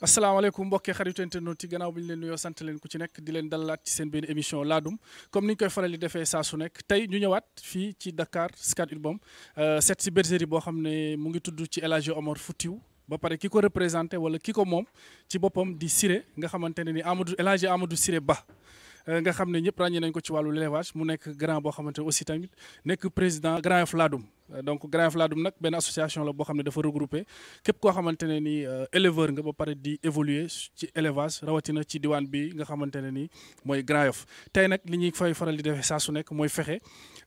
asalaamaaleykum mbokki xaritu internet yi gannaaw bi ñu leen yoo sant leen ku ci nekk di leen dalalaat ci seen benn émission laadum comme ni ñu koy faral di defee saa su nekk tey ñu ñëwaat fii ci Dakar Scat Urbam euh, seet si bergerie boo xam ne mu ngi tudd ci El Hadji Omar Foutiou ba pare ki ko représenté wala ki ko moom ci boppam di sire nga xamante ne ni Amadou El Hadji Siré Ba nga xam ne ñëpp ràññee nañ ko ci wàllu l'élevage mu nekk grand boo xamante aussi tamit nekk président Grand Yoff Ladoum donc Grand Yoff Ladoum nag benn association la boo xam ne dafa regroupé képp koo xamante ne ni euh, éleveur nga ba pare di évoluer ci élevage rawatina ci diwaan bi nga xamante ne ni mooy Grand Yoff tey nag li ñuy fay faral di defee saa su nekk mooy fexe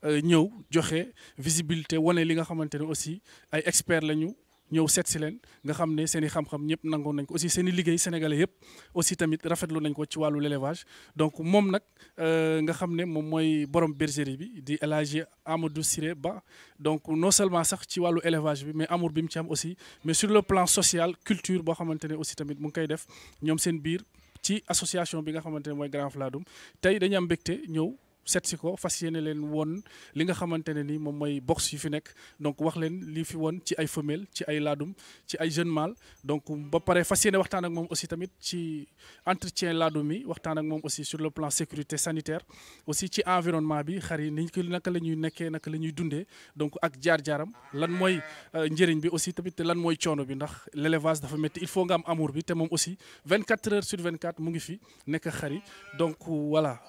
euh, ñëw joxe visibilité wane li nga xamante ne aussi ay experts lañu. ñëw seet si leen nga xam ne seen i xam-xam ñëpp nangoon nañ ko aussi seeni liggéey sénégalais yëpp aussi tamit rafetlu nañ ko ci wàllu l'élevage donc moom nag euh, nga xam ne moom mooy borom bergerie bi di El Hadji Amadou Siré Ba donc non seulement sax ci wàllu élévage bi mais amour bi mu ci aussi mais sur le plan social culture boo xamante ne aussi tamit mu ngi koy def ñoom seen biir ci association bi nga xamante ne mooy Grand Fladoum tey dañu am mbégte ñëw seet si ko fas yéene leen woon li nga xamante ne ni moom mooy box yi fi nekk donc wax leen li fi woon ci ay femelles ci ay laadum ci ay jeunes mâles donc ba pare fas yéene waxtaan ak moom aussi tamit ci entretien laadum yi waxtaan ak moom aussi sur le plan sécurité sanitaire aussi ci environnement bi xar yi ni ko naka la ñuy nekkee naka la ñuy dundee donc ak jaar-jaaram lan mooy euh, njëriñ bi aussi tamit lan mooy coono bi ndax l'élevage dafa métti il faut ngam am amour bi te moom aussi 24 heures sur 24 mu ngi fi nekk xar yi donc voilà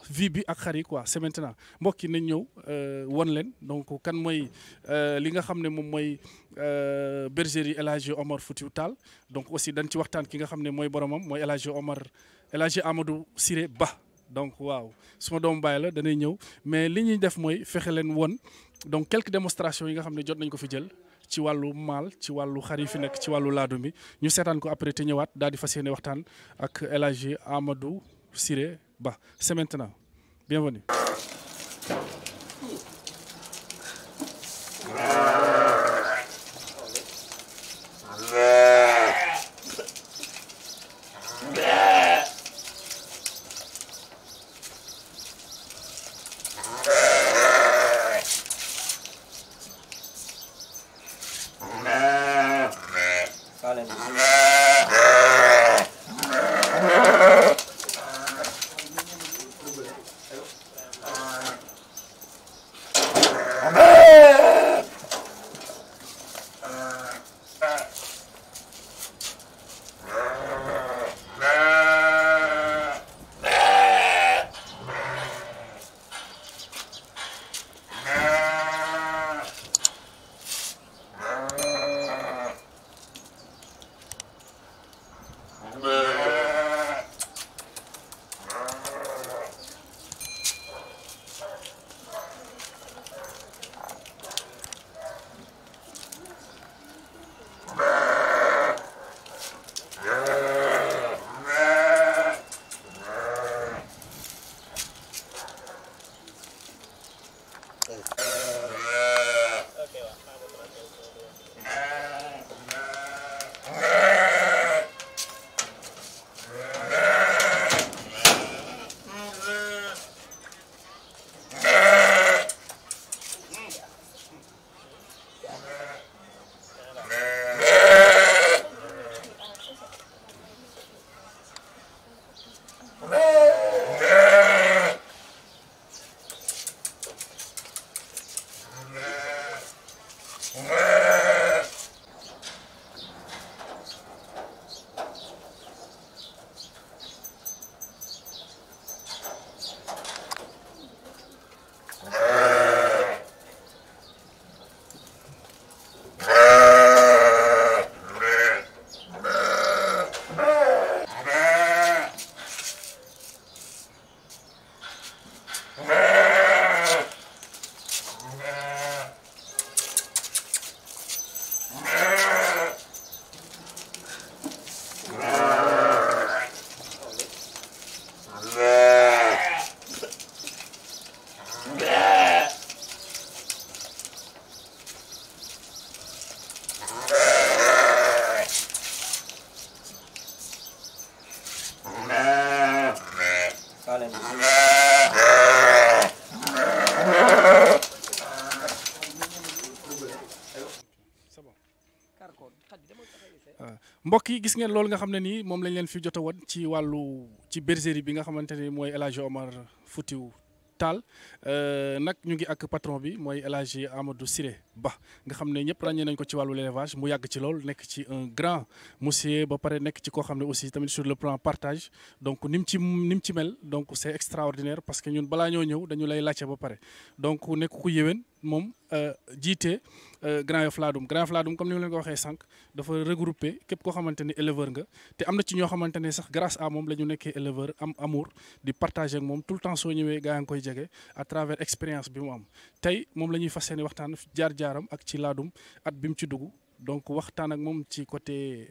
ak xar yi quoi semaine maintenant mbokk yi nañ ñëw euh, won leen donc kan mooy euh, li nga xam ne moom mooy euh, bergerie El Hadj Omar Foutiou Tall donc aussi dañ ci waxtaan ki nga xam ne mooy boromam mooy El Hadj Omar El Hadj Amadou Siré Ba donc waaw suma doom bàyyi la danay ñëw mais li ñuy def mooy fexe leen won donc quelques démonstrations yi nga xam ne jot nañ ko fi jël ci wàllu maal ci wàllu xar yi fi nekk ci wàllu laadum bi ñu seetaan ko après te ñëwaat daal di fas yéene waxtaan ak El Hadj Amadou Siré Ba c'est Bienvenue. mbokk yi gis ngeen loolu nga xam ne nii moom lañ leen fi jot a woon ci wàllu ci bergerie bi nga xamante ni mooy El Hadj Omar Foutiou Tall euh, nag ñu ngi ak patron bi mooy El Hadj Amadou Siré Ba nga xam ne ñëpp ràññee nañ ko ci wàllu élevage mu yàgg ci lool nekk ci un grand monsieur ba pare nekk ci koo xam ne aussi tamit sur le plan partage donc ni mu ci mel donc c'est extraordinaire parce que ñun balaa ñoo ñëw dañu lay laajte ba pare donc nekk ku yéwén moom euh, jiite euh, Grand Yoff Ladoum Grand Yoff Ladoum comme ni ma leen ko waxee sànq dafa regroupé képp koo xamante ni éleveur nga te am na ci ñoo xamante ne sax grâce à moom la ñu nekkee éleveur am amour di partager ak moom tout le temps soo ñëwee gaa ngi koy jege à travers bi mu am jaar ak ci laadum at bi mu ci dugg donc waxtaan ak moom ci côté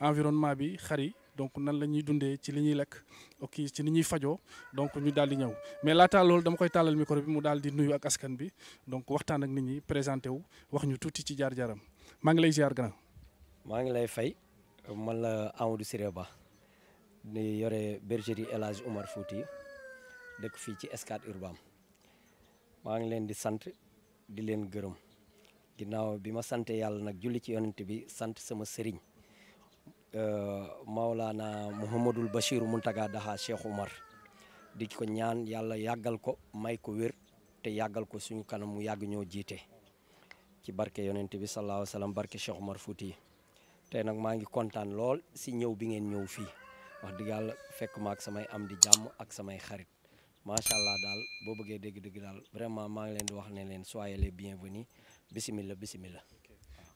environnement bi xar yi donc nan la ñuy dundee ci li ñuy lekk ok ci ni ñuy fajoo donc ñu daal di ñëw mais laataa loolu dama koy tàllal micro bi mu daal di nuyu ak askan bi donc waxtaan ak nit ñi présenté wu wax ñu tuuti ci jaar-jaaram maa ngi lay ziar grand. maa ngi lay fay man la Amadou Siré Ba di yore bergerie El Hadj Oumar Fouti dëkk fii ci Escad Urbam maa ngi leen di sant di leen gërëm. ginnaaw bi ma sante yàlla nag julli ci yonent bi sant sama sëriñ euh, Maolana Mouhamadul Bachir Muntaga daxa Cheikh Umar di ko ñaan yàlla yàggal ko may ko wér te yàggal ko suñu kanam mu yàgg ñoo jiite ci barke yonent bi sallallahu alayhi wa sallam barke Cheikh Umar Fouti tey nag maa ngi kontaan lool si ñëw bi ngeen ñëw fii wax dëgg yàlla fekk ma ak samay am di jàmm ak samay xarit macha allah daal boo bëggee dégg-dégg daal vraiment maa ngi leen di wax ne leen soyez les bienvenus bisimilla bisimilla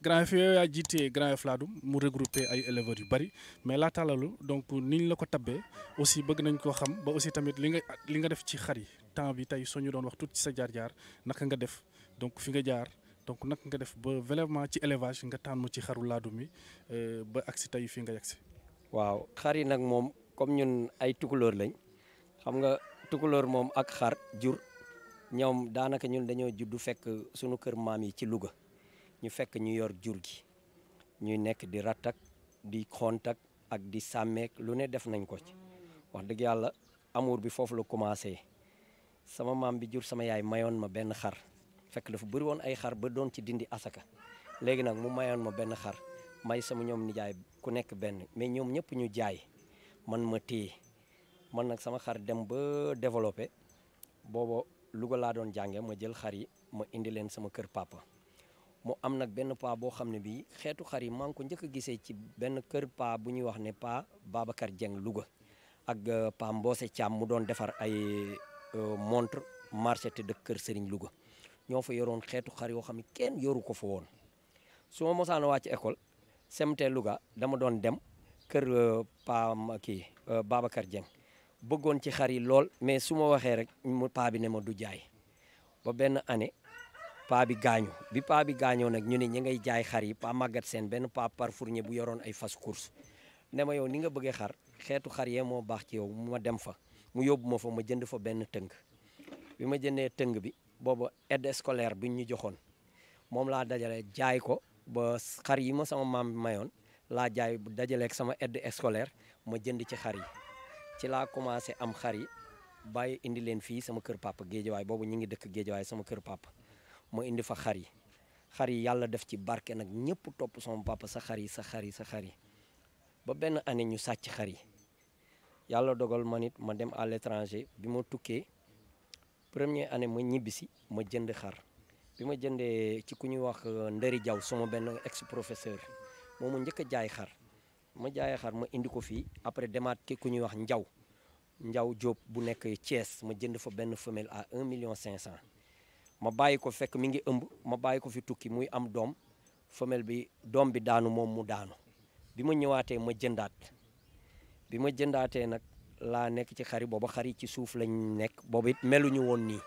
Grand Yoff yow yaa jiitee Grand Yoff Ladoum mu regroupé ay éleveurs yu bëri mais laata loolu donc niñ la ko tabe aussi bëgg nañ koo xam ba aussi tamit li nga li nga def ci xar yi temps bi tey soo ñu doon wax tuuti ci sa jaar-jaar naka nga def donc fi nga jaar donc naka nga def ba vraiment ci élevage nga tànn ci xaru laadum yi euh, ba agsi tey fi nga yegsi. waaw xar yi nag moom comme ñun ay tukulóor lañ xam nga tukulóor moom ak xar jur ñoom daanaka ñun dañoo juddu fekk sunu kër maam yi ci Louga ñu fekk ñu yor jur gi ñuy nekk di rattak di xontak ak di sàmmeek lu ne def nañ ko ci wax dëgg yàlla amour bi foofu la commencé sama maam bi jur sama yaay mayoon ma benn xar fekk dafa bëri woon ay xar ba doon ci dindi asaka léegi nag mu mayoon ma benn xar may sama ñoom nijaay ku nekk benn mais ñoom ñëpp ñu jaay man ma téye man nag sama xar dem ba développé booba Louga laa doon jànge ma jël xar yi ma indi leen sama kër papa mu am nag benn paa boo xam ne bii xeetu xar yi maa ngi ko njëkk a gisee ci benn kër paa bu ñuy wax ne paa Babacar jeng Louga ak euh, paa Mboose Thiam mu doon defar ay euh, montre te de kër Serigne Louga ñoo fa yoroon xeetu xar yoo xam ne kenn yoru ko fa woon su ma mosaan a wàcc école semte Louga dama doon dem kër euh, paa kii Babacar Dieng bëggoon ci xar yi lool mais su ma waxee rek mu paa bi ne ma du jaay ba benn année paa bi gaañu bi paa bi gaañoo nag ñu ne ñu ngay jaay xar yi paa màggat seen benn paa parfournier bu yoroon ay fas course ne ma yow ni nga bëggee xar xeetu xar yee moo baax ci yow ma dem fa mu yóbbu ma fa ma jënd fa benn tëng bi ma jëndee tëng bi booba aide scolaire bi ñu joxoon moom laa dajale jaay ko ba xar yi ma sama maam mayoon laa jaay dajaleeg sama aide scolaire ma jënd ci xar yi ci laa commencé am xar yi bàyyi indi leen fii sama kër papa géejawaay boobu ñu ngi dëkk géejawaay sama kër papa ma indi fa xar yi xar yi yàlla def ci barke nag ñëpp topp sama papa sa xar yi sa xar yi sa xar ba benn année ñu sàcc xar yi yàlla dogal ma nit ma dem à l'étranger bi ma tukkee premier année ma ñibbisi ma jënd xar bi ma jëndee ci ku ñuy wax euh, Ndëri Jaw sama benn ex professeur moomu njëkk a jaay xar ma jaayee xar ma indi ko fii après demaat ki ku ñuy wax njaw njaw Diop bu nekk Thiès ma jënd fa benn femelle à 1 million 500 ma bàyyi ko fekk mi ngi ëmb ma bàyyi ko fi tukki muy am doom femelle bi doom bi daanu moom mu daanu bi ma ñëwaatee ma jëndaat bi ma jëndaatee nag laa nekk ci xari boobu xari ci suuf lañ nekk booba it meluñu woon nii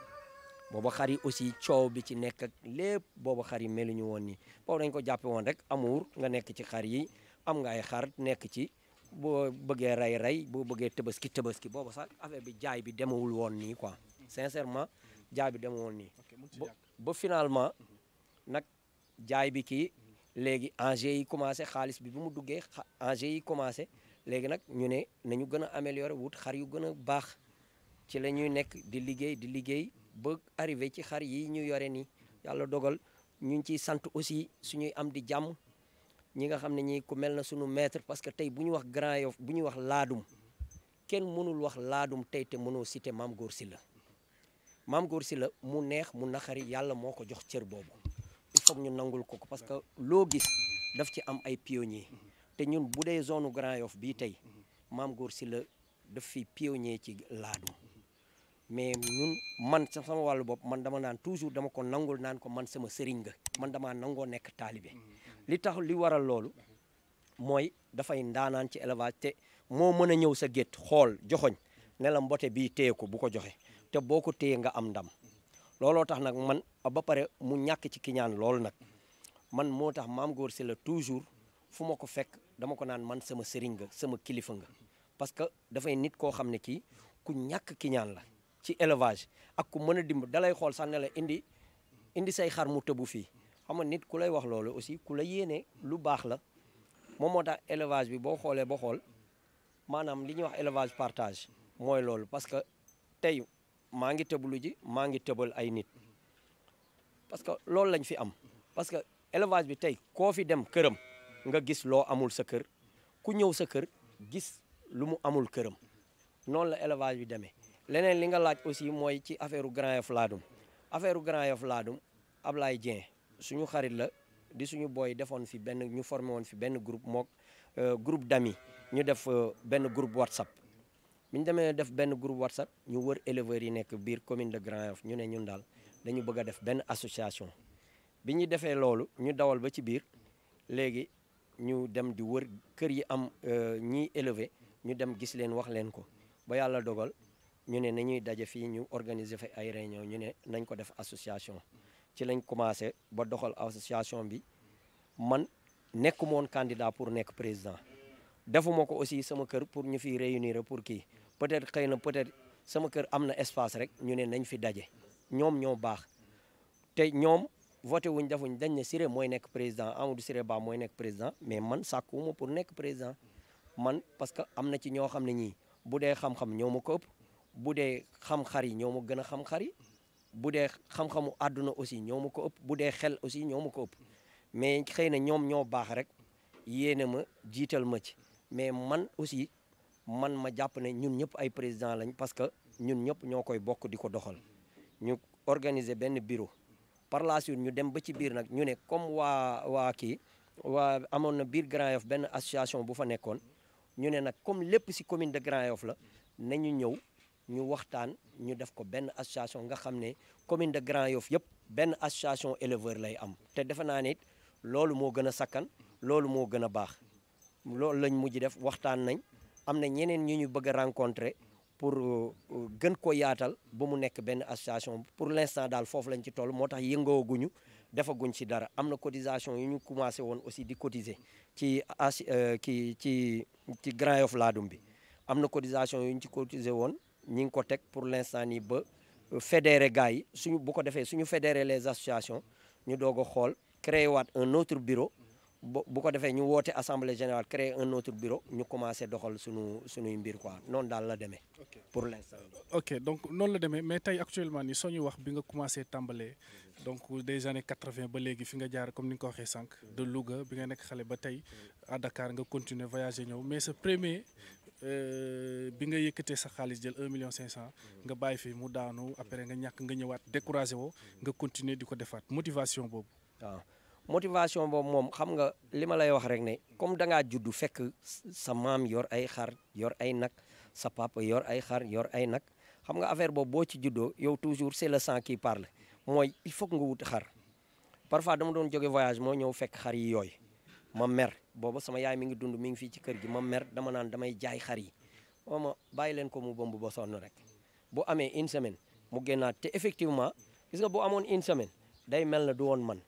booba xar yi aussi coow bi ci nekk ak lépp booba xar meluñu woon nii boobu dañ ko jàppe woon rek amuur nga nekk ci xar yi am nga ay xar nekk ci boo bëggee rey rey boo bëggee tëbaski tëbaski boobu sax affaire bi jaay bi demawul woon nii quoi sincèrement jaay bi demawul woon nii ba finalement nag jaay bi ki léegi engins yi commencé xaalis bi bu mu duggee engins yi commencé léegi nag ñu ne nañu gën a améliorer wut xar yu gën a baax ci la ñuy nekk di liggéey di liggéey ba arrivé ci xar yi ñu yore nii yàlla dogal ñu ngi ciy sant aussi ñuy am di jàmm ñi nga xam ne ñi ku mel na suñu maître parce que tey bu ñu wax Grand Yoff bu ñu wax laadum kenn mënul wax laadum tey te mënoo cité Mame Gor Sylla Mame Gor Sylla mu neex mu naqari yàlla moo ko jox cër boobu il faut ñu nangul ko ko parce que loo gis daf ci am ay pionnier te ñun bu dee zone Grand Yoff bii tey Mame Gor Sylla daf fi pionnier ci laadum mais ñun man sama wàll bopp man dama naan toujours dama ko nangul naan ko man sama sëriñ nga man damaa nangoo nekk taalibe li tax li waral loolu mooy dafay ndaanaan ci élevage te moo mën a ñëw sa gétt xool joxoñ ne la bii téye ko bu ko joxee te boo ko téye nga am ndam looloo tax nag man ba pare mu ñàkk ci kiñaan loolu nag man moo tax maam góor si la toujours fu ma ko fekk dama ko naan man sama sëriñ nga sama kilifa nga parce que dafay nit koo xam ne kii ku ñàkk kiñaan la ci élevage ak ku mën a dimb dalay xool sax ne indi indi say xar mu tëbu fii xam nga nit ku lay wax loolu aussi ku la yéene lu baax la moom moo tax élevage bi boo xoolee ba xool maanaam li ñuy wax élevage partage mooy loolu parce que tey maa ngi tëbalu ji maa ngi tëbal ay nit parce que loolu lañ fi am parce que élevage bi tey koo fi dem këram nga gis loo amul sa kër ku ñëw sa kër gis lu mu amul këram noonu la élevage bi demee leneen li nga laaj aussi mooy ci affaire u Grand Yoff Ladoum affaire u Grand Yoff Ladoum Ablaye Dieng suñu xarit la di suñu booy defoon fi benn ñu formé woon fi benn groupe mook euh, groupe d'amis ñu def euh, benn groupe WhatsApp bi ñu demee def benn groupe WhatsApp ñu wër éleveurs yi nekk biir commune de Grand Yoff ñu ne ñun daal dañu bëgg a def benn association bi ñu defee loolu ñu dawal ba ci biir léegi ñu dem di wër kër yi am euh, ñi élever ñu dem gis leen wax leen ko ba yàlla dogal ñu ne nañuy daje fii ñu organiser fa ay réunion ñu ne nañ ko def association ci lañ commencé ba doxal association bi man nekk moon candidat pour nekk président defuma ko aussi sama kër pour ñu fiy réunir pour kii peut-être xëy na peut-être sama kër am na espace rek ñu ne nañ fi daje ñoom ñoo baax te ñoom voté wuñ defuñ dañ ne Siré mooy nekk président Amadou Siré Ba mooy nekk président mais man sàkkuwuma pour nekk président man parce que am na ci ñoo xam ne ñii bu dee xam-xam ñoo ma ko bu dee xam xar yi ñoo ma gën a xam xar yi bu dee xam-xamu àdduna aussi ñoo ma ko ëpp bu dee xel aussi ñoo ma ko ëpp mais xëy na ñoom ñoo baax rek yéene ma jiital ma ci mais man aussi man ma jàpp ne ñun ñëpp ay président lañ parce que ñun ñëpp ñoo koy bokk di ko doxal ñu organiser benn bureau par la suite ñu dem ba ci biir nag ñu ne comme waa waa kii waa amoon na biir Grand Yoff benn association bu fa nekkoon ñu ne nag comme lépp si commune de Grand Yoff la na ñu ñëw ñu waxtaan ñu def ko benn association nga xam ne commune de Grand Yoff yëpp benn association éleveur lay am te defe naa nit loolu moo gën a sakkan loolu moo gën a baax loolu lañ mujj def waxtaan nañ am na ñeneen ñu ñu bëgg a rencontrer pour euh, euh, gën ko yaatal ba mu nekk benn association pour l'instant daal foofu lañ ci toll moo tax yëngooguñu defaguñ si dara am na cotisation yu ñu commencé woon aussi di cotiser ci as euh, ki ci ci Grand Yoff Ladoum bi am na cotisation yu ci cotiser woon ñi ngi ko teg pour l'instant nii ba euh, fédérer gars yi suñu bu ko defee suñu fédérer les associations ñu doog a xool créer waat un autre bureau bu ko defee ñu woote assemblée générale créer un autre bureau ñu commencé doxal suñu suñuy mbir quoi noonu daal la demee. pour l'instant. ok donc noonu la demee mais tey actuellement nii soo ñu wax bi nga commencé tàmbalee donc des années quatre-vingt ba léegi fi nga jaar comme ni nga ko waxee sànq. de Louga bi nga nekk xale ba tey à nga continuer voyager ñëw mais sa premier Euh, bi nga yëkkatee sa xaalis jël un million cinq cent mm-hmm. nga bàyyi fii mu daanu après nga ñàkk nga ñëwaat découragé wo mm-hmm. nga continuer di ko defaat motivation boobu waaw ah. motivation boobu moom xam nga li ma lay wax rek ne comme da ngaa juddu fekk sa maam yor ay xar yor ay nag sa papa yor ay xar yor ay nag xam nga affaire boobu boo ci juddoo yow toujours c'est le sang qui parle mooy il faut nga wut xar parfois dama doon joge voyage moo ñëw fekk xar yi yooyu ma mer booba sama yaay mi ngi dund mi ngi fii ci kër gi ma mer dama naan damay jaay xar yi ma bàyyi leen ko mu bomb ba sonn rek bu amee une semaine mu génnaat te effectivement gis nga bu amoon une semaine day mel na du woon man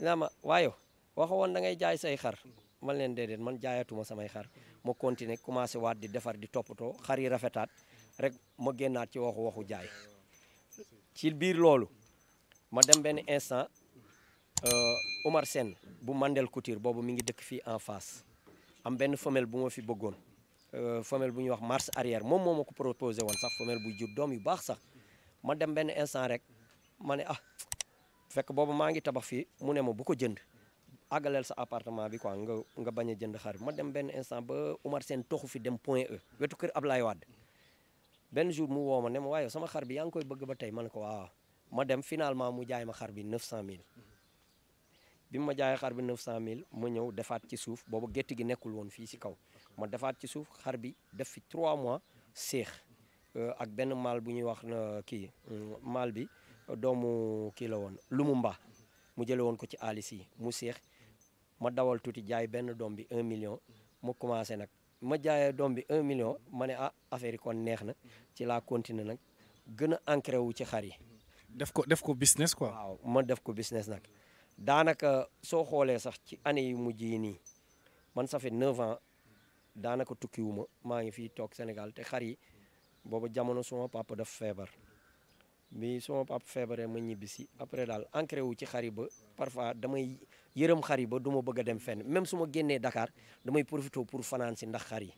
naa ma waayo waxa woon da ngay jaay say xar man leen déedéet man jaayatuma samay xar ma continuer commencé waat di defar di toppatoo xar yi rafetaat rek ma génnaat ci waxu waxu jaay ci biir loolu ma dem benn instant Euh, Omar Sène bu mandeel Couture boobu mi ngi dëkk fii en face am benn femelle bu ma fi bëggoon euh, femelle bu ñu wax marche arrière moom moo ma ko proposé woon sax femelle bu jur doom yu baax sax ma dem benn instant rek ma ne ah fekk boobu maa ngi tabax fii mu ne ma bu ko jënd àggaleel sa appartement bi quoi nga nga bañ a jënd xar ma dem benn instant ba Omar Sène toxu fi dem Point E wetu kër Ablaye Wade benn jour mu woo ma ne ma waaye sama xar bi yaa ngi koy bëgg ba tey ma ne ko waaw ma dem finalement mu jaay ma xar bi 900000. bi ma jaay xar bi mille ma ñëw defaat ci suuf boobu gétt gi nekkul woon fii si kaw ma defaat ci suuf xar bi def fi 3 mois seex euh, ak benn maal bu ñuy wax euh, kii mm, maal bi euh, doomu kii la woon lu mu mu jële woon ko ci aalis yi mu seex ma dawal tuuti jaay benn doom bi un million ma commencé nag ma jaayee doom bi un million ma ne ah affaire yi kon neex na ci laa continuer nag gën a ancré wu ci xar yi. def ko def ko business ko waaw ma def ko business nag. daanaka soo xoolee sax ci année yi mu yi nii man ça fait neuf ans daanaka tukkiwuma maa ngi fii toog Sénégal te xar yi booba jamono suma papa daf feebar bi suma papa feebaree ma ñibbisi si après daal ancré wu ci xar yi ba parfois damay yërëm xar yi ba duma bëgg a dem fenn même su ma génnee dakaar damay profité pour fanaan si ndax xar yi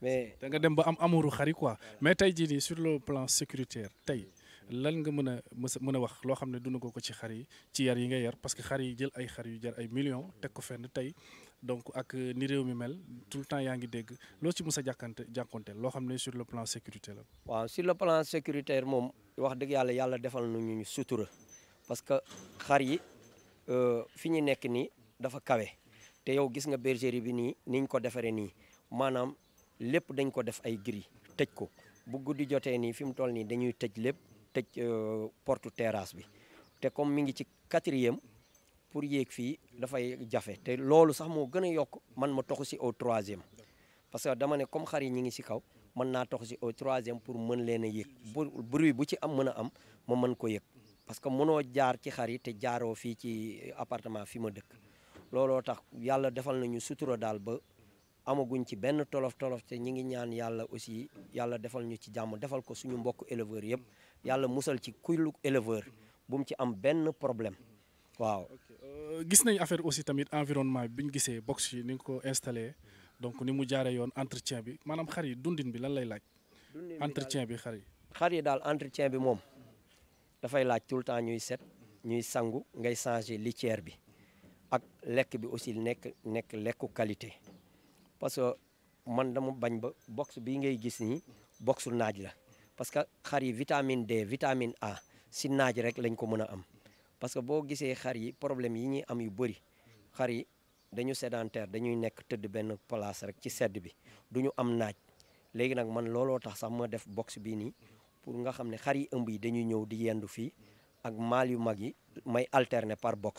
mais. da nga dem ba am amuru xari yi quoi mais tey jii nii sur le plan sécuritaire tey. lan nga mën a mës mën a wax loo xam ne dund ko ko ci xar yi ci yar yi nga yar parce que xar yi jël ay xar yu jar ay millions teg ko fenn tey donc ak ni réew mi mel tout le temps yaa ngi dégg loo ci mës a jàkkante jànkonteel loo xam ne sur le plan sécurité la. waaw sur le plan sécuritaire moom wax dëgg yàlla yàlla defal nañu ñu sutura parce que xar yi euh, fi ñu nekk nii dafa kawe te yow gis nga bergerie bi nii niñ ko defaree nii maanaam lépp dañ ko def ay gris tëj ko bu guddi jotee nii fi mu toll nii dañuy tëj lépp. tëj euh, porte terrasse bi te comme mi ngi ci quatrième pour yéeg fii dafay jafe te loolu sax moo gën a yokk man ma toxu si au troisième parce que dama ne comme xar yi ñi ngi si kaw mën naa tox si au troisième pour mën leen a yëg bu bruit bu ci am mën a am ma mën ko yëg parce que mënoo jaar ci xar yi te jaaroo fii ci apartement fi ma dëkk looloo tax yàlla defal nañu sutura daal ba amaguñ ci benn tolof tolof te ñi ngi ñaan yàlla aussi yàlla defal ñu ci jàmm defal ko suñu mbokk éleveurs yëpp yàlla musal ci kuy éleveur bu mu ci am benn problème waaw. Euh, gis nañ affaire aussi tamit environnement bi ñu gisee box yi ni nga ko installé donc ni mu jaaree yoon entretien bi maanaam xar yi dundin bi lan lay laaj. entretien bi xar yi. xar yi daal entretien bi moom dafay laaj tout le temps ñuy set ñuy sangu ngay changé litière bi ak lekk bi aussi nekk nekk lekku qualité parce que man dama bañ ba box bii ngay gis ni boxu naaj la. parce que xar yi vitamine D vitamine A si naaj rek lañ ko mën a am parce que boo gisee xar yi problème yi ñuy am yu bëri xar yi dañu sédentaire dañuy nekk tëdd benn place rek ci sedd bi duñu am naaj léegi nag man looloo tax sax ma def box bii nii pour nga xam ne xar yi ëmb yi dañuy ñëw di yendu fii ak maal yu mag yi may alterner par box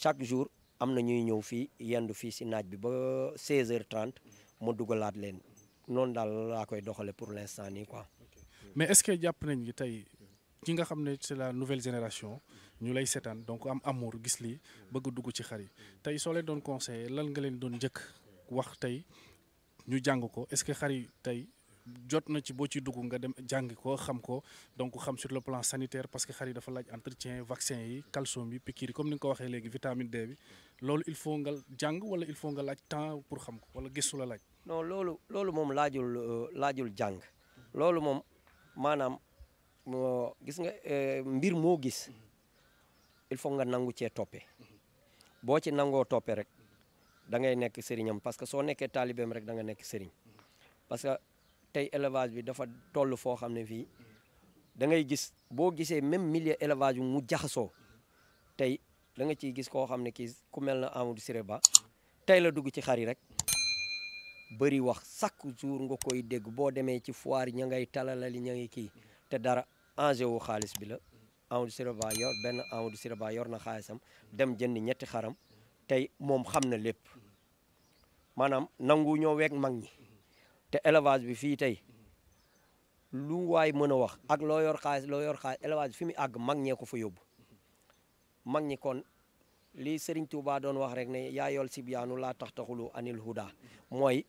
chaque jour am na ñuy ñëw fii yendu fii si naaj bi ba 16h30 ma dugalaat leen noonu daal laa koy doxale pour l'instant nii quoi mais est-ce que jàpp nañ ni tey ki nga xam ne c'est la nouvelle génération ñu lay seetaan donc am amour gis lii bëgg dugg ci xar yi tey soo leen doon conseillé lan nga leen doon njëkk wax tey ñu jàng ko est-ce que xar yi tey jot na ci boo ci dugg nga dem jàng ko xam ko donc xam sur le plan sanitaire parce que xar yi dafa laaj entretien vaccin yi calcium yi piqûre yi comme ni nga ko waxee léegi vitamine D bi loolu il faut nga jàng wala il faut nga laaj temps pour xam ko wala gëstu la laaj. non loolu loolu euh, jàng maanaam gis nga eh, mbir moo gis il faut nga nangu cee toppe boo ci nangoo toppe rek da ngay nekk sëriñam parce que soo nekkee taalibeem rek da nga nekk sëriñ parce que tey élevage bi dafa toll foo xam ne fii da ngay gis boo gisee même milieu élevage bi mu jaxasoo tey danga nga ciy gis koo xam ne kii ku mel na Amadou Siré Ba tey la dugg ci xar yi rek bari wax chaque jour nga koy dégg boo demee ci foire ña ngay talalali ña ngi kii te dara enjeu wu xaalis bi la Amadou Siré Ba yor benn Amadou Siré Ba yor na xaalisam dem jënd ñetti xaram tey moom xam na lépp maanaam nangu ñoo weeg mag ñi te élevage bi fii tey lu waay mën a wax ak loo yor xaalis fi mu àgg mag ñee ko fa yóbbu mag ñi kon li sëriñ Touba doon wax rek ne yaayol yool sibyaanu laa tax taxulu anil huda mooy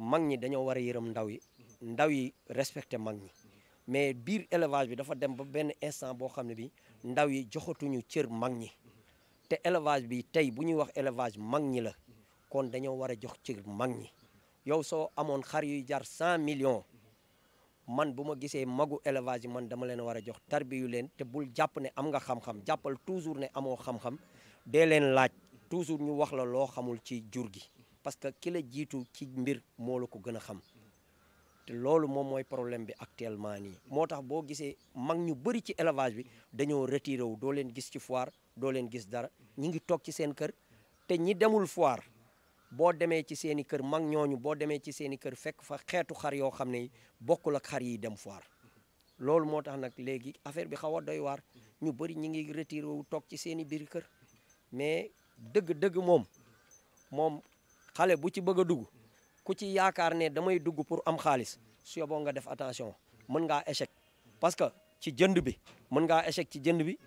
mag ñi dañoo war a yërëm ndaw yi ndaw yi respecté mag ñi mais biir élevage bi dafa dem ba benn instant boo xam ne bi ndaw yi joxatuñu cër mag ñi te élevage bi tey bu ñuy wax élevage mag ñi la kon dañoo war a jox cër mag ñi yow soo amoon xar yuy jar cent millions man bu ma gisee magu élevage yi man dama leen war a jox tarbiyu leen te bul jàpp ne am nga xam-xam jàppal toujours ne amoo xam-xam dee leen laaj toujours ñu wax la loo xamul ci jur gi parce que ki la jiitu ci mbir moo la ko gën a xam te loolu moom mooy problème bi actuellement nii moo tax boo gisee mag ñu bëri ci élevage bi dañoo retiré wu doo leen gis ci foire doo leen gis dara ñi ngi toog ci seen kër te ñi demul foire boo demee ci seen i kër mag ñooñu boo demee ci seen i kër fekk fa xeetu xar yoo xam ne bokkul ak xar yi dem foire loolu moo tax nag léegi affaire bi xaw a doy waar ñu bëri ñi ngi retiré wu toog ci seeni i biir kër mais dëgg moom xale bu ci bëgg a dugg ku ci yaakaar ne damay dugg pour am xaalis su yoboo nga def attention mën ngaa échec parce que ci jënd bi mën ngaa échec ci jënd bi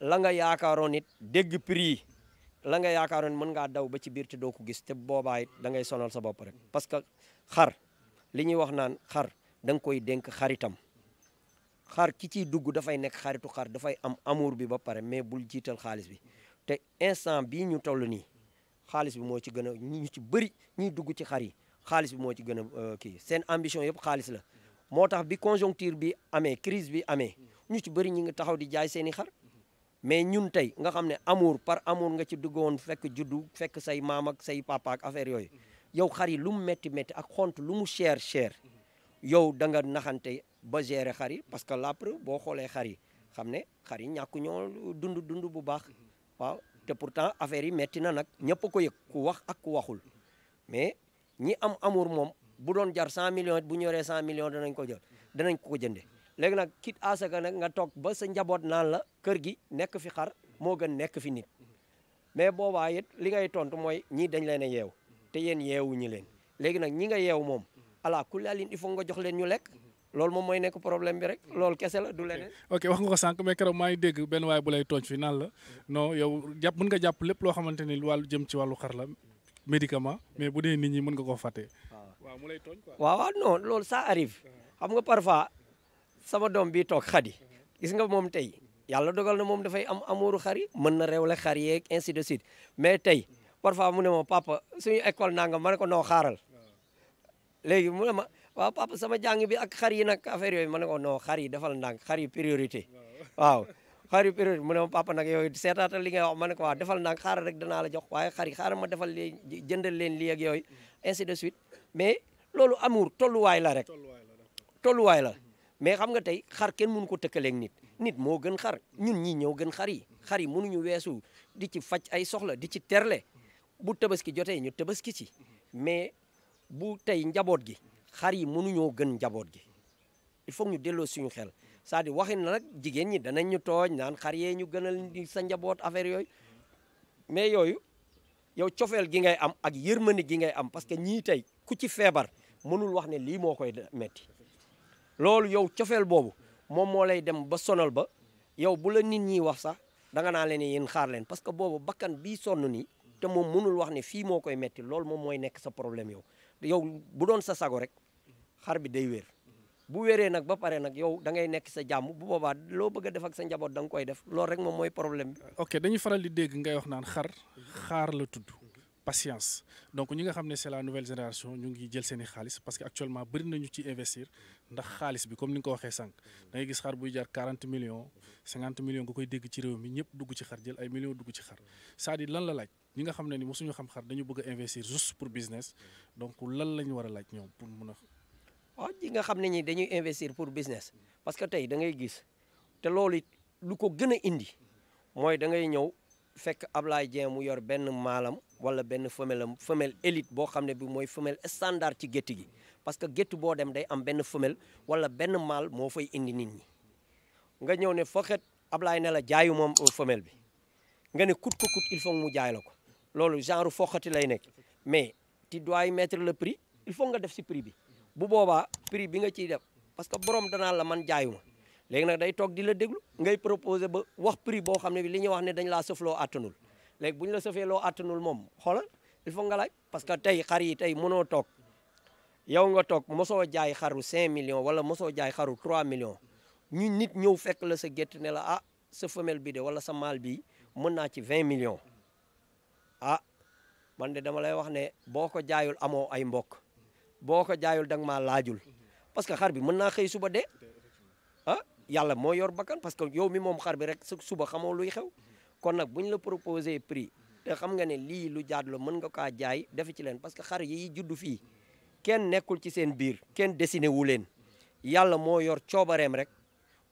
la nga yaakaaroon it dégg prix yi la nga yaakaaroon mën ngaa daw ba ci biir te doo ko gis te boobaa it da ngay sonal sa bopp rek parce que xar li ñuy wax naan xar danga koy dénk xaritam xar ki ciy dugg dafay nekk xaritu xar dafay am amour bi ba pare mais bul jiital xaalis bi te instant bii ñu toll nii xaalis bi moo ci gën a ñu ci bëri ñuy dugg ci xar yi xaalis bi moo ci gën a euh, kii seen ambition yëpp xaalis la moo tax bi conjoncture bi amee crise bi amee ñu ci bëri ñi nga taxaw di jaay seen i xar mais ñun tey nga xam ne amour par amour nga ci duggoon fekk juddu fekk say maam ak say papa ak affaire yooyu yow xar yi lu mu métti métti ak xont lu mu cher cher yow da nga naxante ba gere xar yi parce que la preuve boo xoolee xar yi xam ne xar yi ñàkku ñoo dund dund bu baax te pourtant affaire yi metti na nag ñëpp ko yëg ku wax ak ku waxul mais ñi am amur moom bu doon jar cent millions bu ñoree yoree cent millions danañ ko jël danañ ko ko jënde léegi nag kit asaka nag nga toog ba sa njaboot naan la kër gi nekk fi xar moo gën nekk fi nit mais boobaa it li ngay tontu mooy ñii dañ leen a yeew te yeewu yeewuñu leen léegi nag ñi nga yeew moom ala kulli il faut nga jox leen ñu lekk loolu moom mooy nekk problème bi rek loolu kese la du leneen. ok wax nga ko sànq mais keroog maa dégg benn waay bu lay tooñ fi naan la non yow jàpp mën nga jàpp lépp loo xamante ni wàllu jëm ci wàllu xar la médicament mais bu dee nit ñi mën nga koo fàtte. Ah. waaw mu lay tooñ quoi. waaw waaw loolu ça arrive xam nga parfois sama doom bi toog xadi gis nga moom tey yàlla dogal na moom dafay am amooru xar mën na réewle xar yeeg ainsi de suite mais tey parfois mu ne ma papa suñu école nangam ma ne ko noo xaaral ah. léegi mu ne ma. waaw papa sama jàng bi ak xar yi nag affaire yooyu ma ne ko non xar yi defal ndànk xar yi priorité waaw xar yi priorité mu ne ma papa nag yooyu seetaatal li ngay wax ma ne ko waaw defal ndànk xaaral rek danaa la jox waaye xar yi ma defal leen jëndal leen lii ak yooyu ainsi de suite mais loolu amour tolluwaay la rek tolluwaay la mais xam nga tey xar kenn mun ko tëkkaleeg nit nit moo gën xar ñun ñi ñëw gën xar yi xar yi mënuñu weesu di ci faj ay soxla di ci terle bu tabaski jotee ñu tabaski ci mais bu tey njaboot gi xar yi mënuñoo gën njaboot gi il faut ñu delloo suñu xel saa di waxin na nag jigéen ñi danañ ñu tooñ naan xar yee ñu gënal sa njaboot affaire yooyu mais yooyu yow cofeel gi ngay am ak yërmande gi ngay am parce que ñii tey ku ci feebar mënul wax ne lii moo koy metti loolu yow cofeel boobu moom moo lay dem ba sonal ba yow bu la nit ñi wax sax danga naa leen yéen xaar parce que boobu bakkan bii sonn nii te moom mënul wax ne fii moo koy metti loolu moom mooy nekk sa problème yow yow bu doon sa sago rek xar bi day wér bu wéree nag ba pare nag yow da ngay nekk sa jàmm bu boobaa loo bëgg a def ak sa njaboot da nga koy def loolu rek moom mooy problème bi. ok dañuy faral di dégg ngay wax naan xar xaar la tudd. patience donc ñi nga xam ne c'est la nouvelle génération ñu ngi jël seeni xaalis parce que actuellement bëri nañu ci investir ndax xaalis bi comme ni nga ko waxee sànq da ngay gis xar buy jar 40 millions 50 millions nga koy dégg ci réew mi ñëpp dugg ci xar jël ay millions dugg ci xar cest à lan la laaj ñi nga xam ne ni mosuñu xam xar bëgg a investir juste pour business donc lan lañu war laaj ñoom pour mun a waaw ji nga xam ne ñi dañuy investir pour business parce que tey da ngay gis te loolu lu ko gën a indi mooy da ngay ñëw fekk Ablaye Dieng mu yor benn maalam wala benn femelle am femelle élite boo xam ne bi mooy femelle standard ci gétt gi parce que gétt boo dem day am benn femelle wala benn maal moo fay indi nit ñi nga ñëw ne foxet Ablaye ne la jaayu moom euh, femelle bi nga ne kut ko kut il faut mu jaay la ko loolu genre foxati lay nekk mais tu dois mettre le prix il faut nga def si prix bi bu boobaa prix bi nga ciy def parce que borom danaa la man jaayuma léegi nag day toog di la déglu ngay proposé ba wax prix boo xam ne bi li ñuy wax ne dañ laa sëfloo attanul léegi bu ñu la sëfee loo attanul moom xoolal il faut nga laaj parce que tey xar yi tey mënoo toog yow nga toog mosoo jaay xaru 5 millions wala mosoo jaay xaru 3 millions ñu nit ñëw fekk la sa gétt ne la ah sa femelle bi de wala sa mâle bi mën naa ci vingt millions ah man de dama lay wax ne boo ko jaayul amoo ay mbokk boo ko jaayul da nga maa laajul parce que xar bi mën naa xëy suba dee ah yàlla moo yor bakkan parce que yow mi moom xar bi rek suba xamoo luy xew kon nag bu ñu la proposé pri te xam nga ne lii lu jaadu la mën nga kaa jaay defe ci leen parce que xar yi juddu fii kenn nekkul ci seen biir kenn dessiné wu leen yàlla moo yor coobareem rek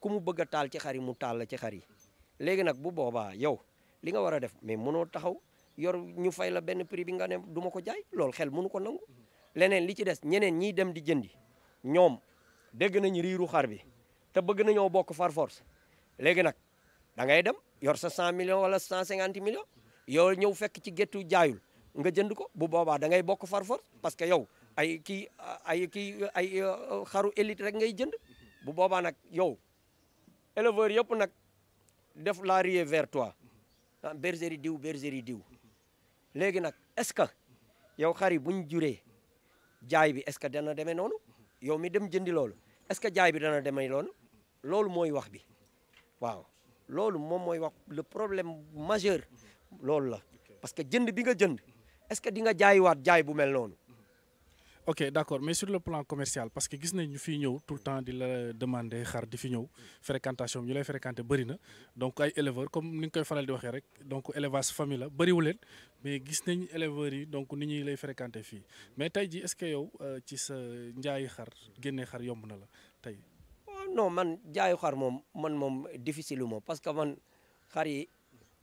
ku mu bëgg a taal ci xar yi mu taal la ci xar yi léegi nag bu boobaa yow li nga war a def mais mënoo taxaw yor ñu fay la benn prix bi nga ne du ko jaay loolu xel mënu ko nangu leneen li ci des ñeneen ñiy dem di jëndi ñoom dégg nañu riiru xar bi te bëgg na nañoo bokk far force léegi nag da ngay dem yor sa 100 millions wala 150 millions yow ñëw fekk ci gettu jaayul nga jënd ko bu boobaa dangay bokk far force parce que yow ay kii ay kii ay euh, xaru élite rek ngay jënd bu boobaa nag yow éleveur yëpp nag def la ruée vers toi ah, bergerie diw bergerie diw léegi nag est-ce que yow xar yi buñ juree jaay bi est-ce que dana demee noonu yow mi dem jëndi loolu est-ce que jaay bi dana demee loolu loolu mooy wax bi waaw loolu moom mooy wax le problème majeur loolu la parce que jënd bi nga jënd est-ce que di nga jaayiwaat jaay bu mel noonu ok d' accord mais sur le plan commercial parce que gis nañ ñu fiy ñëw tout le temps di la demander xar di fi ñëw fréquentation bi ñu lay fréquenté bëri na donc ay éleveurs comme ni nga koy faral di waxee rek donc élevage famille la bëriwu leen mais gis nañ éleveurs yi donc ni ñuy lay fréquenté fii mais tey ji est ce que yow euh, ci sa njaayi xar génnee xar yomb na la tey. Oh non man jaayu xar moom man moom difficile moom parce que man xar yi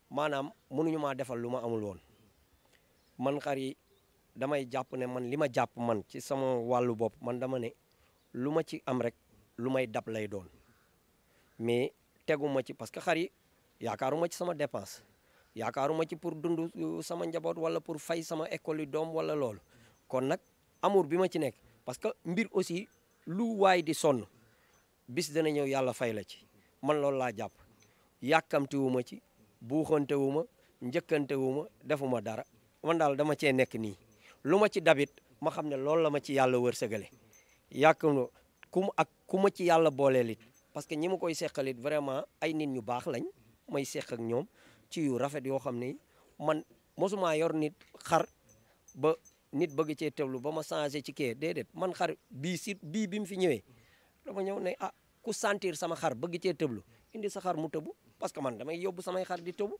maanaam mënuñu maa defal lu ma amul woon damay jàpp ne man li ma jàpp man ci sama wàllu bopp man dama ne lu ma ci am rek lu may dab lay doon mais teguma ci parce que xar yaakaaruma ci sama dépense yaakaaruma ci pour dund euh, sama njaboot wala pour fay sama école yi doom wala loolu kon nag amur bi ma ci nekk parce que mbir aussi lu waay di sonn bis dana ñëw yàlla fay la ci man loolu laa jàpp yàkkamtiwuma ci buuxantewuma njëkkantewuma defuma dara man daal dama cee nekk nii lu ma ci dabit ma xam ne loolu la ma ci yàlla wërsëgale yàqunu kum ak ku ma ci yàlla booleel it parce que ñi ma koy seqalit vraiment ay nit ñu baax lañ may seq ak ñoom ci yu rafet yoo xam ne man mosuma yor nit xar ba nit bëgg cee tewlu ba ma changé ci kee déedéet man xar bii si bii bi mu fi ñëwee dama ñëw ne ah ku sentir sama xar ba bëgg cee tëblu indi sa xar mu tëbu parce que man damay yóbbu samay xar di tëbu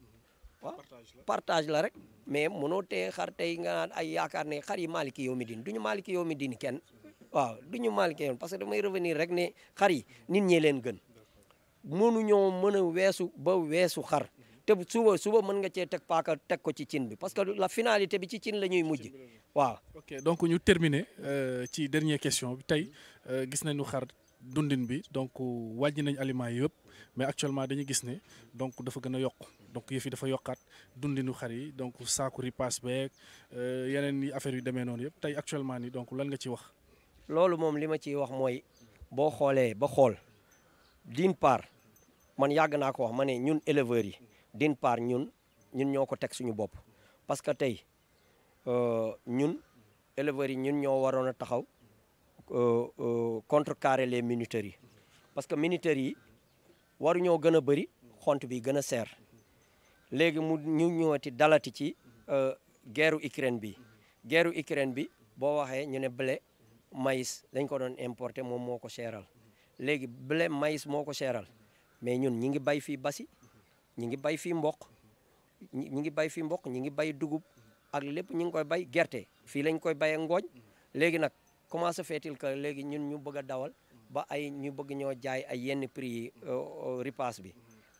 waaw partage la rek mais mënoo tee xar tey nga naan ay yaakaar ne xar yi maaliki yow mi din du ñu maaliki yow mi din kenn waaw du ñu maaliki yow parce que damay revenir rek ne xar yi nit ñi leen gën mënuñoo mën a weesu ba weesu xar te suba suba mën nga cee teg paaka teg ko ci cin bi parce que la finalité bi ci cin la ñuy mujj waaw. ok donc ñu terminer euh, ci dernier question bi tey euh, gis nañu xar dundin bi donc wàññi nañ aliment yi yëpp mais actuellement dañu gis ne donc dafa gën a yokk. donc yëf yi dafa yokkaat dundinu xar yi donc saaku ripaas beeg euh, yeneen yi affaire yu demee noonu yëpp tey actuellement ni donc lan nga ci wax. loolu moom li ma ciy wax mooy boo xoolee ba xool d'une part man yàgg naa ko wax ma ne ñun éleveurs yi d'une part ñun ñun ñoo ko teg suñu bopp parce que tey euh, ñun éleveurs yi ñun ñoo waroon a taxaw contre euh, contrecarrer les minuteurs yi parce que minuteurs yi waruñoo gën a bëri xont bi gën a seer léegi mu ñu ñëwati dalati ci euh, guerru Ukraine bi geeru Ukraine bi boo waxee ñu ne blé maïs dañ ko doon importer moom moo ko seeral léegi blé maïs moo ko seeral mais ñun ñi ngi bay fii basi ñi ngi bay fii mboq ñi ngi bay fii mboq ñi ngi bay dugub ak lépp ñu ngi koy bay gerte fii lañ koy bay ngooñ léegi nag comment se fait léegi ñun ñu bëgg a dawal ba ay ñu bëgg ñoo jaay ay yenn prix yi euh, euh, ripaas bi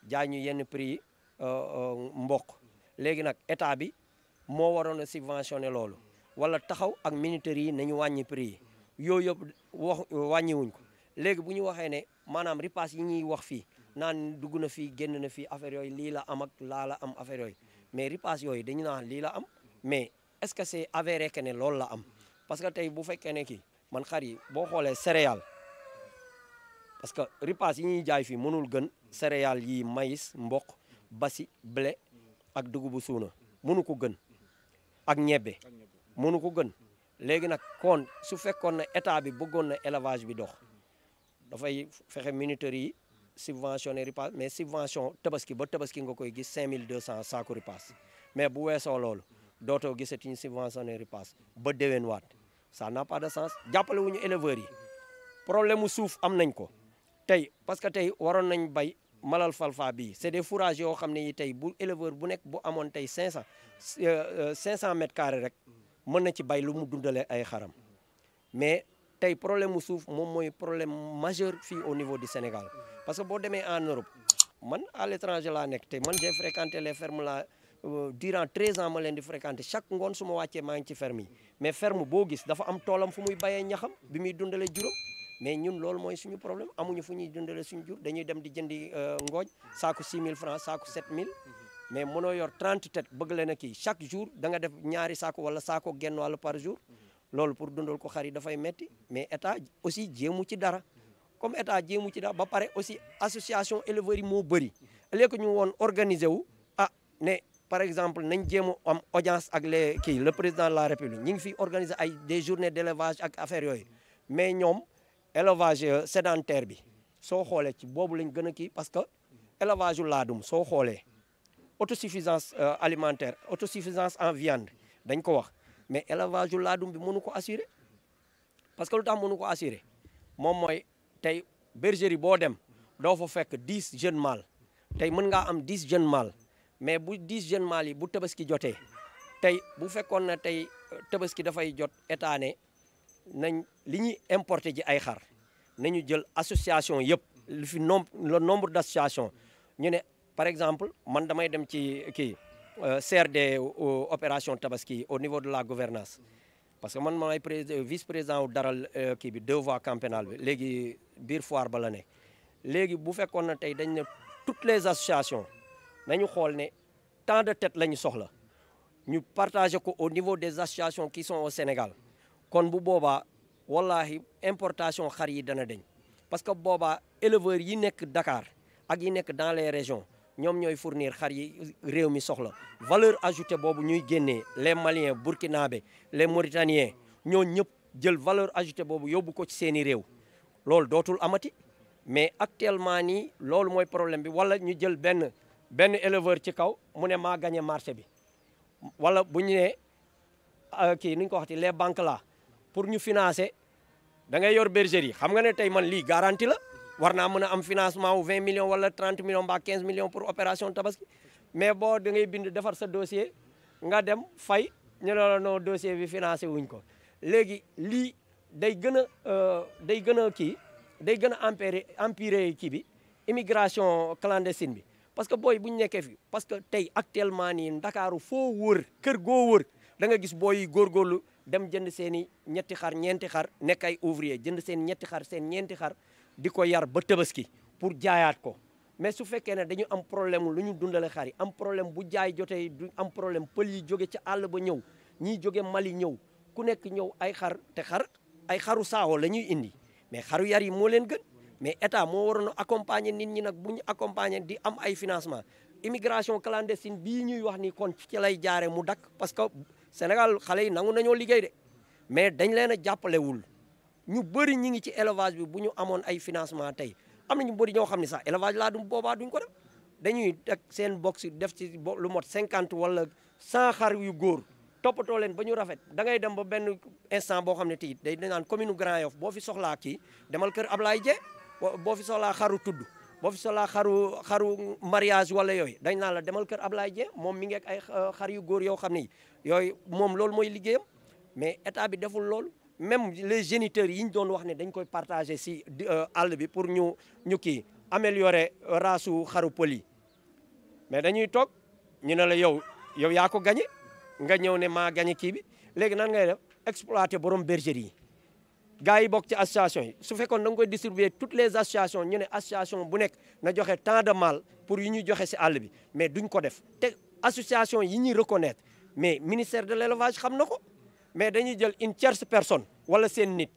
jaay ñu yenn prix yi Euh, euh, mboq léegi nag état bi moo waroon a subventionné loolu wala taxaw ak ministère yi nañu wàññi prix yi yooyu yëpp wax wàññiwuñ ko léegi bu ñu waxee ne maanaam ripaas yi ñuy wax fii naan dugg na fii génn na fii affaire yooyu lii la am ak laa la am affaire yooyu mais ripaas yooyu dañu naan lii la am mais est-ce que c'est avéré que ne loolu la am parce que tey bu fekkee ne kii man xar yi boo xoolee céréales parce que ripaas yi ñuy jaay fii mënul gën céréales yi maïs mboq basi blé ak dugubu suuna mënu ko gën ak ñebbe mënu ko gën léegi nag kon su fekkoon na état bi bëggoon na élevage bi dox dafay fexe minuteurs yi subventionné ripaas mais subvention tabaski ba tabaski nga koy gis 5200 saaku ripaas mais bu weesoo loolu dootoo gisati ñu subventionné ripaas ba déwén waat ça n'a pas de sens jàppale wu ñu éleveurs yi problème mu suuf am nañ ko tey parce tey waroon nañ bay malal falfa bii c' est des fourrages yoo xam ne yi tey bu éleveur bu nekk bu amoon tey 500 500 euh, euh, mètres carrés rek mën na ci bay lu mu dundale ay xaram mais tey problème mu suuf moom mooy problème majeur fii au niveau du Sénégal parce que boo demee en Europe man à l' étranger laa nekk te man j'ai fréquenté les fermes là euh, durant 13 ans ma leen di fréquenté chaque ngoon suma ma wàccee maa ngi ci ferme yi mais ferme boo gis dafa am toolam fu muy bayee ñaxam bi muy dundale mais ñun loolu mooy suñu problème amuñu fu ñuy dundale suñu jur dañuy dem di jëndi euh, ngooñ saaku 6000 francs saaku 7000 mm-hmm. mais mënoo yor 30 tête bëgg leen a kii chaque jour da nga def ñaari saako wala saako genn wàll par jour mm-hmm. loolu pour dundal ko xar yi dafay metti mais état aussi jéemu ci dara mm-hmm. comme état jéemu ci dara ba pare aussi association éleveurs yi moo bëri léegi ñu woon organiser wu ah ne par exemple nañ jéem a am audience ak les kii le président la république ñi ngi fi organiser ay des journées d' élevage ak affaire yooyu mais ñoom élevage euh, sédentaire bi soo xoolee ci boobu lañ gën a kii parce que élevage laadum soo xoolee autosuffisance euh, alimentaire autosuffisance en viande dañ ko wax mais élevage laadum bi mënu ko assurer parce que lu tax mënu ko assurer moom mooy tey bergerie boo dem doo fa fekk dix jeunes mâles tey mën ngaa am dix jeunes mâles mais bu dix jeunes mâles yi bu tabaski jotee tey bu fekkoon na tey euh, tabaski dafay jot état ne nañ li ñuy importer ji ay xar nañu jël association yëpp lu fi nombre le nombre d' association ñu ne par exemple man damay dem ci kii euh, CRD euh, opération tabaski au niveau de la gouvernance parce que man maay président vice président wu daral euh, kii bi deux voies camp bi léegi biir foire ba la ne léegi bu fekkoon na tey dañ ne toutes les associations nañu xool ne tant de têtes lañu soxla ñu partagé ko au niveau des associations qui son au Sénégal kon bu boobaa wallahi importation xar yi dana deñ parce que boobaa éleveurs yi nekk dakaar ak yi nekk dans les régions ñoom ñooy fournir xar yi réew mi soxla valeur ajoutée boobu ñuy génnee les maliens burkinabé les mauritaniens ñoo ñëpp jël valeur ajoutée boobu yóbbu ko ci seeni réew loolu dootul amati mais actuellement nii loolu mooy problème bi wala ñu jël benn benn éleveur ci kaw mu ne maa gagné marché bi wala bu ñu ne euh, kii ni ñu ko waxati les banques la pour ñu financer dangay ngay yor bergerie xam nga ne tey man lii garanti la war naa mën a am financement wu 20 millions wala 30 millions mbaa 15 millions pour opération tabaski mais boo da ngay bind defar sa dossier nga dem fay ñu ne la non dossier bi financé wuñ ko léegi lii day gën a euh, day gën a kii day gën a empirer empirer kii bi immigration clandestine bi parce que booy bu ñu nekkee fi parce que tey actuellement nii ndakaaru foo wër kër goo wër da nga gis booy góorgóorlu dem jënd seen i ñetti xar ñeenti xar nekk ay ouvrier jënd seen ñetti xar seen ñeenti xar di ko yar ba tabaski pour jaayaat ko mais su fekkee ne dañu am problème lu ñu dundale xar yi am problème bu jaay jotee du am problème pël yi joge ca àll ba ñëw ñiy jóge Mali ñëw ku nekk ñëw ay xar te xar ay xaru saawo la ñuy indi mais xaru yar yi moo leen gën mais état moo waroon a accompagner nit ñi nag bu ñu accompagner di am ay financement immigration clandestine bii ñuy wax ni kon ci lay jaare mu dakk Sénégal xale yi nangu nañoo liggéey de mais dañ leen a jàppalewul ñu bëri ñi ngi ci élevage bi bu ñu amoon ay financement tey am na ñu bëri ñoo xam ne sax élevage laa du boobaa duñ ko def dañuy teg seen box def ci lu mot cinquante wala cent xar yu góor toppatoo leen ba ñu rafet dangay ngay dem ba benn instant boo xam ne tey day naan commune Grand Yoff boo fi soxlaa kii demal kër ab Ablaye Dieng boo fi soxlaa xaru tudd boo fi solaa xaru xaru mariage wala yooyu dañ naa la demal kër Ablaye Dieng moom mi ngi ak ay euh, xar yu góor yoo xam ni yooyu moom loolu mooy liggéeyam mais état bi deful loolu même les géniteurs yi ñu doon wax ne dañ koy partager si euh, àll bi pour ñu ñu kii améliorer raasu xaru pël yi mais dañuy toog ñu ne la yow yow yaa ko gagné nga ñëw ne maa gagné kii léegi nan ngay def exploiter borom bergerie yi gars yi bokk ci association yi su fekkoon da nga koy distribuer toutes les associations ñu ne association bu nekk na joxe tant de mal pour yu ñu joxe si àll bi mais duñ ko def te association yi ñuy reconnaître mais ministère de l'élevage xam na ko mais dañuy jël une tierce personne wala seen nit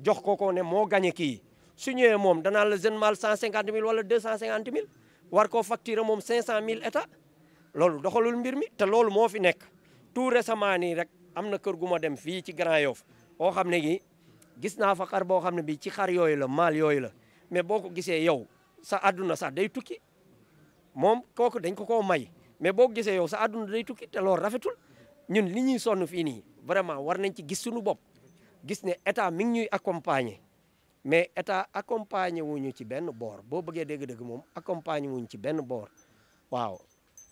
jox ko ko ne moo gagné kii su ñëwee moom danaa la jeune mâle 150 000 wala 250 000 war koo facturer moom 500 000 état loolu doxalul mbir mi te loolu moo fi nekk tout récemment nii rek am na kër gu ma dem fii ci Grand Yoff boo xam ne gi gis naa fa xar boo xam ne bii ci xar yooyu la maal yooyu la mais boo ko gisee yow sa àdduna sax day tukki moom kooku dañ ko koo may mais boo ko gisee yow sa àdduna day tukki te loolu rafetul ñun li ñuy sonn fii nii vraiment war nañ ci gis suñu bopp gis ne état mi ngi ñuy accompagner mais état accompagner wuñu ci benn boor boo bëggee dégg-dégg moom accompagner wuñu ci benn boor waaw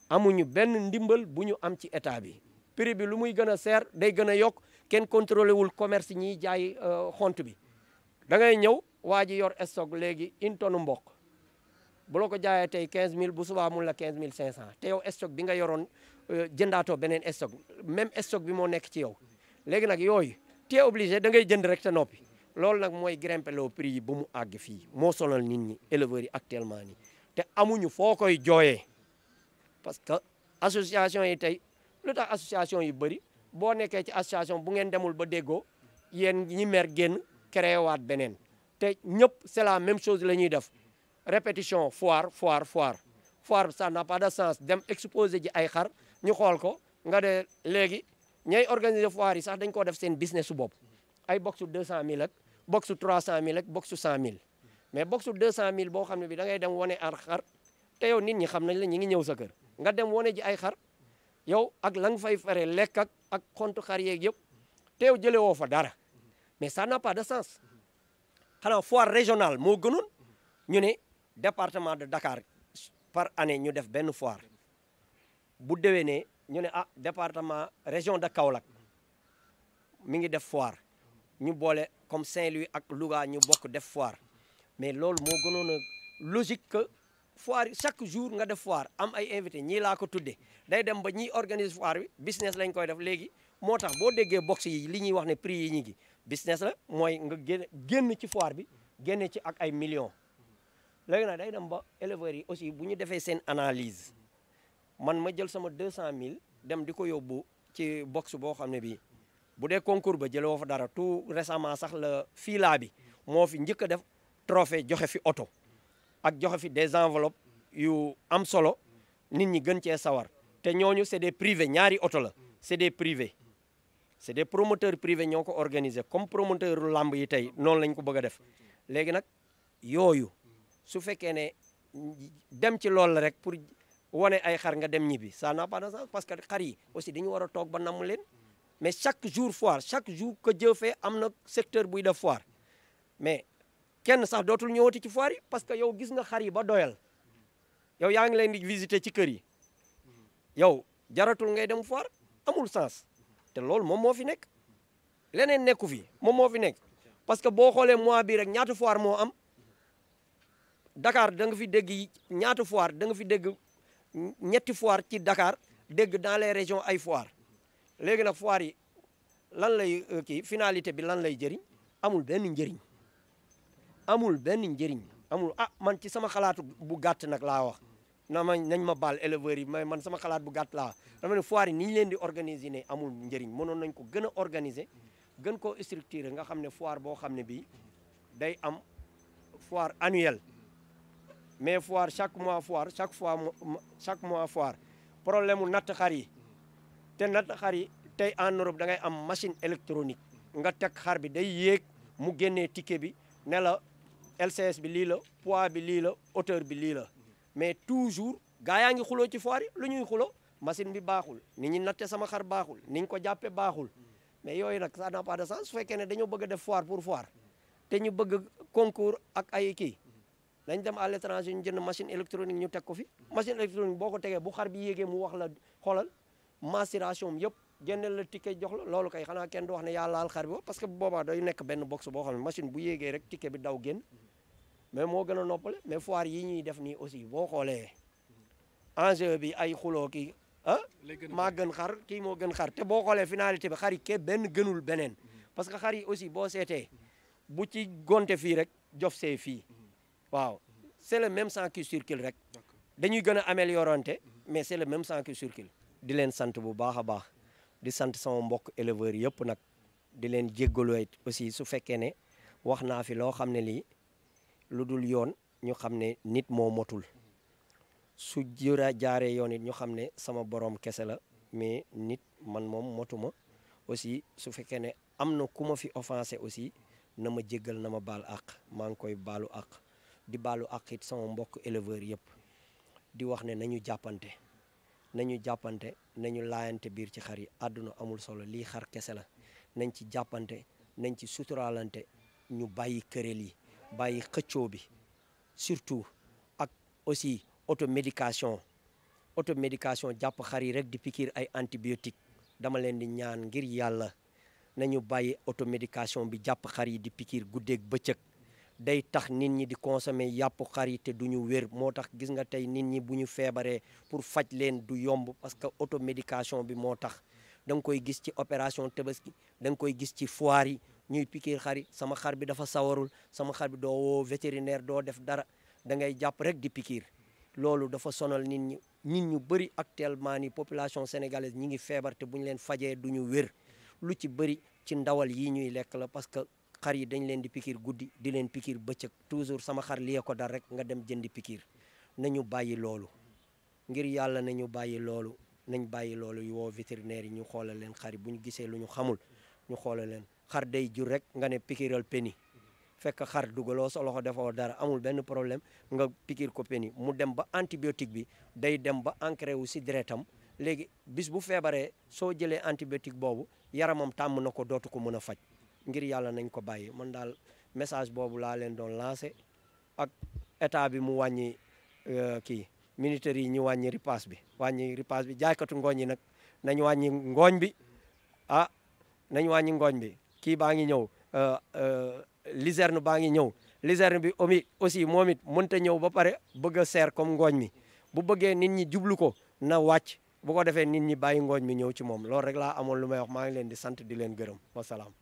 amuñu benn ndimbal bu ñu am ci état bi prix bi lu muy gën a seer day gën a yokk kenn contrôlé wul commerce ñiy jaay euh, xont bi da ngay ñëw waa ji yor stock léegi une tonne mboq bu la ko jaayee tey 15000 bu subaa mun la 15500 te yow stock bi nga yoroon euh, jëndaatoo beneen stock même stock bi moo nekk ci yow léegi nag yooyu te obligé da ngay jënd rek te noppi loolu nag mooy grimper le prix yi ba mu àgg fii moo sonal nit ñi éleveurs yi actuellement nii te amuñu foo koy jooyee parce que association yi tey lu tax association yi bëri boo nekkee ci association bu ngeen demul ba déggoo yéen ñi mer génn créé waat beneen te ñëpp c'est la même chose la ñuy def répétition foire foire foire foire ça n'a pas de sens dem exposé ji ay xar ñu xool ko nga de léegi ñay organiser foire yi sax dañ koo def seen business su bopp ay boxu 200000 ak boxu 300000 ak boxu 100000 mais boxu mille boo xam ne bi da ngay dem wane ar xar te yow nit ñi xam nañ la ñi ngi ñëw sa kër nga dem wane ji ay xar yow ak la nga fay fare lekk ak ak xontu xar yeeg yëpp teew jëlee woo fa dara mais ça n'a pas de sens xanaa foire régionale moo gënoon ñu ne département de Dakar par année ñu def benn foire bu dewee ne ñu ne ah département région de Kaolack mi ngi def foire ñu boole comme Saint-Louis ak Louga ñu bokk def foire mais loolu moo gënoon logique foire chaque jour nga def foire am ay invité ñii laa ko tuddee day dem ba ñiy organise foire bi business lañ koy def léegi moo tax boo déggee box yi li ñuy wax ne prix yi ñi ngi business la mooy nga génn génn ci foire bi génn ci ak ay millions léegi nag day dem ba éleveurs yi aussi bu ñu defee seen analyse man ma jël sama 200000 dem di ko yóbbu ci box boo xam ne bii bu dee concours ba woo fa dara tout récemment sax la fii bi moo fi njëkk a def trophée joxe fi oto ak joxe fi des enveloppes yu am solo nit ñi gën cee sawar te ñooñu c'est des privés ñaari oto la c'est des privés c'est des promoteurs privés ñoo ko organisé comme promoteur làmb yi tey noonu lañ ko bëgg a def léegi nag yooyu su fekkee ne dem ci loolu la rek pour wane ay xar nga dem ñibbi ça n'a pas de sens parce que xar yi aussi dañu war a toog ba namm leen mais chaque jour foire chaque jour que Dieu am na secteur buy def foire mais kenn sax dootul ñëwati ci foire yi parce que yow gis nga xar yi ba doyal yow yaa ngi leen di visiter ci kër yi yow jaratul ngay dem foire amul sens te loolu moom moo fi nekk leneen nekku fi moom moo fi nekk parce que boo xoolee mois bi rek ñaata foire moo am dakaar danga fi dégg ñaata foire danga fi dégg ñetti foire ci dakaar dégg dans les régions ay foire léegi nag foire yi lan lay euh, kii finalité bi lan lay jëriñ amul benn njëriñ amul benn njëriñ amul ah man ci sama xalaatu bu gàtt nag laa wax na ma nañ ma baal éleveurs yi mais man sama xalaat bu gàtt laa wax dama ne yi ni ñu leen di organiser ne amul njëriñ mënoon nañ ko gën a organiser gën koo structurer nga xam ne foire boo xam ne bii day am foire annuelle mais foire chaque mois foir chaque fois chaque mois foire problème mu natt xar yi te natt xar yi tey en Europe da ngay am machine électronique nga teg xar bi day yéeg mu génnee ticket bi ne la LCS bi lii la poids bi lii la hauteur bi lii la mais toujours gaa yaa ngi xuloo ci foire lu ñuy xulo machine bi baaxul ni ñu natte sama xar baaxul ni ñu ko jàppe baaxul mais yooyu nag ça n'a pas de sens su fekkee ne dañoo bëgg def foire pour foire te ñu bëgg concours ak ay kii dañ dem à l'étranger ñu jënd machine électronique ñu teg ko fi machine électronique boo ko tegee bu xar bi yéegee mu wax la xoolal maceration yëpp génneel la ticket jox la loolu kay xanaa kenn du wax ne yaa laal nekk benn box boo xam bu yéegee rek ticket bi daw génn mais moo gën a noppale mais foire yi ñuy def nii aussi boo xoolee enjeu bi ay xuloo ki ah maa gën xar kii moo gën xar te boo xoolee finalité bi xar ke benn gënul beneen mhm. parce que xar yi aussi boo seetee bu ci gonte fii rek jof see fii mhm. waaw c'est le même sang qui circule rek dañuy gën a améliorante mhm. mais c'est le même sang qui circule di leen sant bu baax a baax di sant sama mbokk éleveurs yëpp nag di leen jéggalu aussi su fekkee ne wax naa fi loo xam ne lii lu dul yoon ñu xam ne nit moo motul su jura jaaree yoon it ñu xam ne sama borom kese la mais nit man moom motuma aussi su fekkee ne am na ku ma fi offensé aussi na ma jéggal na ma baal àq maa ngi koy baalu àq di baalu àq sama mbokk éleveur yëpp di wax ne nañu jàppante nañu jàppante nañu laayante biir ci xar yi àdduna amul solo lii xar kese la nañ ci jàppante nañ ci suturaalante ñu bàyyi këréel yi bàyyi xëccoo bi surtout ak aussi automédication automédication jàpp xar yi rek di pikiir ay antibiotique dama leen di ñaan ngir yàlla nañu bàyyi automédication bi jàpp xar yi di pikiir guddeeg bëccëg day tax nit ñi di consommer yàpp xar yi te du ñu wér moo tax gis nga tey nit ñi bu ñu feebaree pour faj leen du yomb parce que automédication bi moo tax da nga koy gis ci opération tabaski da nga koy gis ci foire yi ñuy piquer xari sama xar bi dafa sawarul sama xar bi doo woo vétérinaire doo def dara da ngay jàpp rek di pikiir loolu dafa sonal nit ñi nit ñu bëri actuellement ni population sénégalaise ñu ngi feebar te bu ñu leen fajee du ñu wér lu ci bëri ci ndawal yi ñuy lekk la parce que xar yi dañ leen di pikiir guddi di leen pikiir bëccëg toujours sama xar liye ko dal rek nga dem jëndi pikiir nañu bàyyi loolu ngir yàlla nañu bàyyi loolu nañ bàyyi loolu woo vétérinaire yi ñu xoolal leen xar yi bu ñu gisee lu ñu xamul ñu xoolal leen xar day jur rek nga ne pikiral peni fekk xar dugaloo sa loxo defoo dara amul benn problème nga pikir ko peni mu dem ba antibiotique bi day dem ba ancré wu si deretam léegi bis bu feebaree soo jëlee antibiotique boobu yaramam tàmm na ko dootu ko mën a faj ngir yàlla nañ ko bàyyi man daal message boobu laa leen doon lancé ak état bi mu wàññi euh, kii militaires yi ñu wàññi ripaas bi wàññi ripaas bi jaaykatu ngooñ yi nag nañ wàññi ngooñ bi ah nañ wàññi ngooñ bi kii baa ngi ñëw euh, euh, luzerne baa ngi ñëw luzerne bi omi aussi moom it mënta ñëw ba pare bëgg a seer comme ngooñ mi bu bëggee nit ñi jublu ko na wàcc bu ko defee nit ñi bàyyi ngooñ mi ñëw ci moom loolu rek laa lu may wax maa ngi di sant di leen gërëm wasalaam